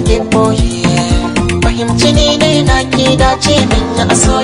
da ke boye fahimci ni ne na ke dace min ya aso